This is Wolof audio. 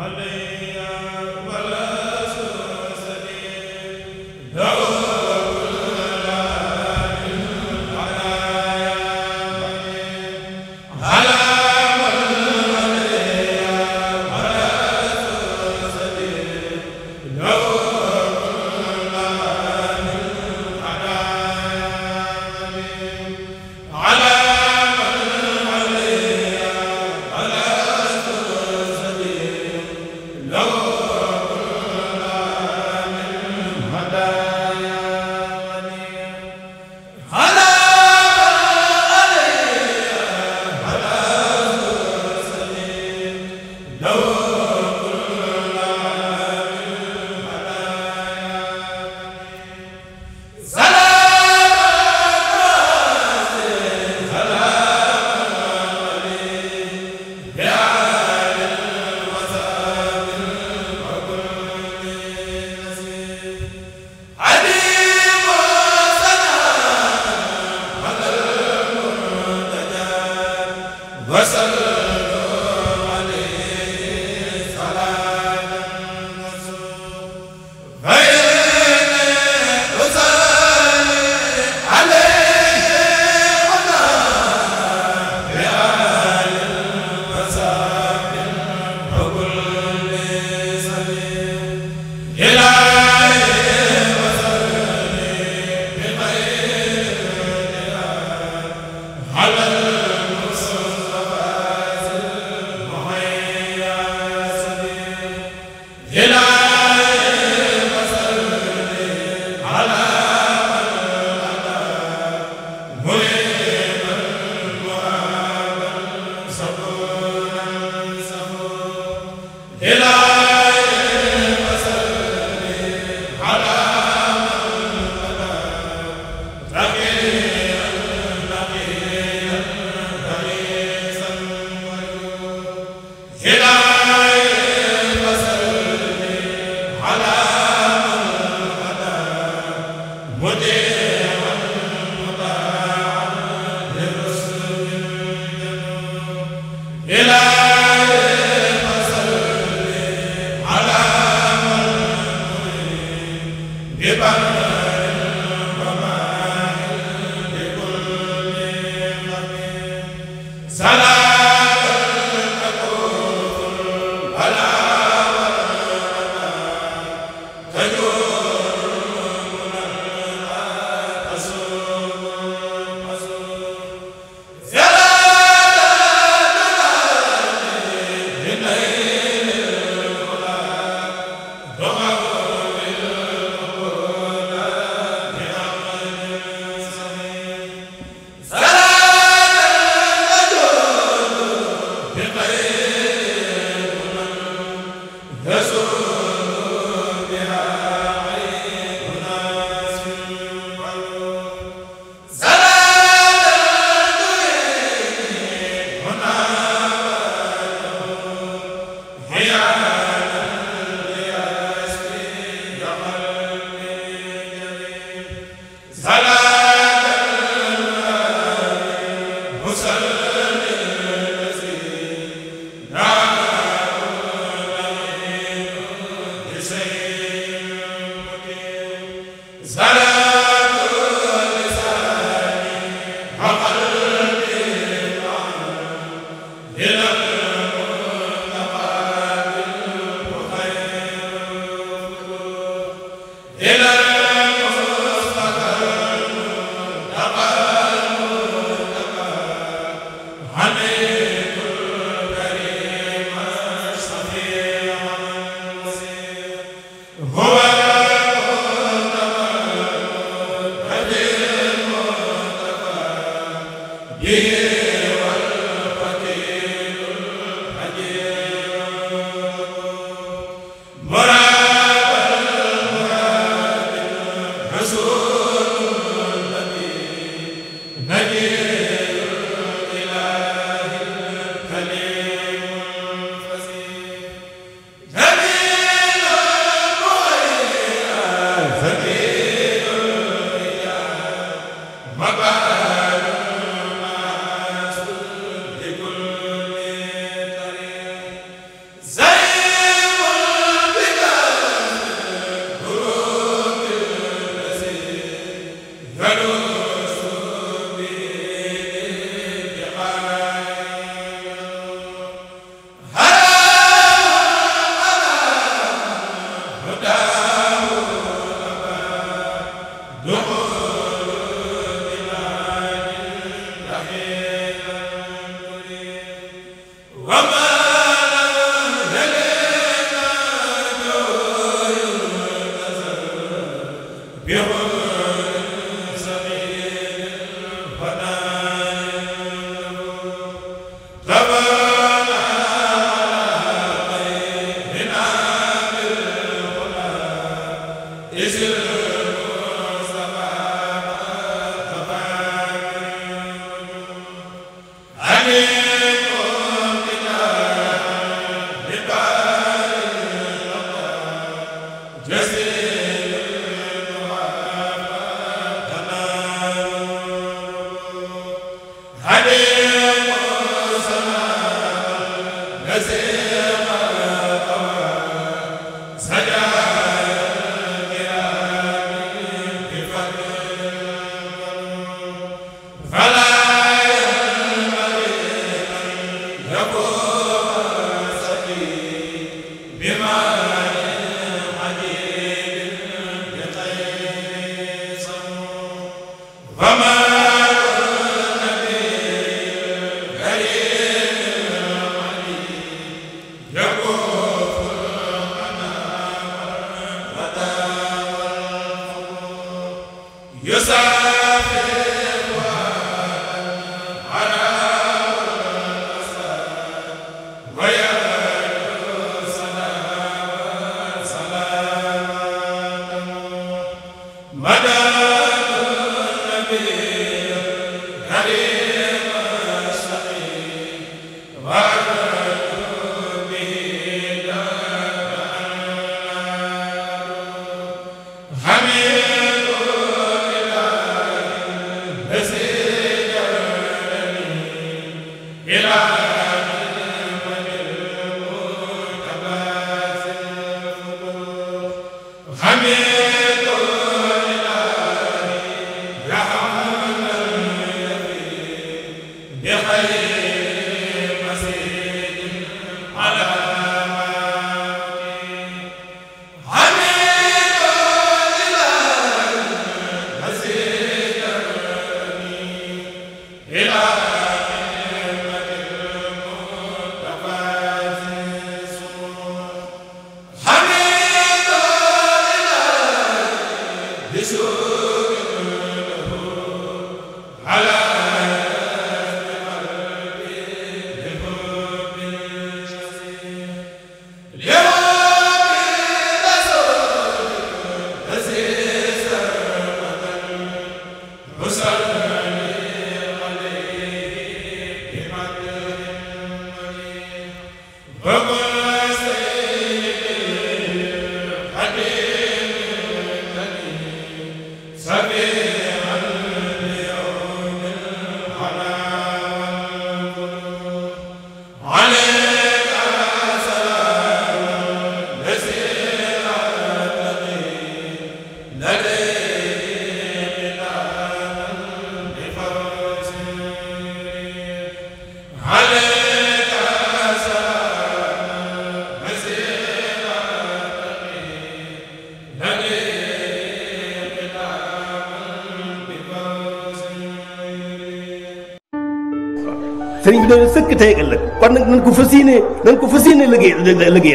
Malaya Is it sëriñ bi dañu sëkk tey ak ëllëg kon nag nañ ko fas yéene nañ ko fas yéene liggéey liggéey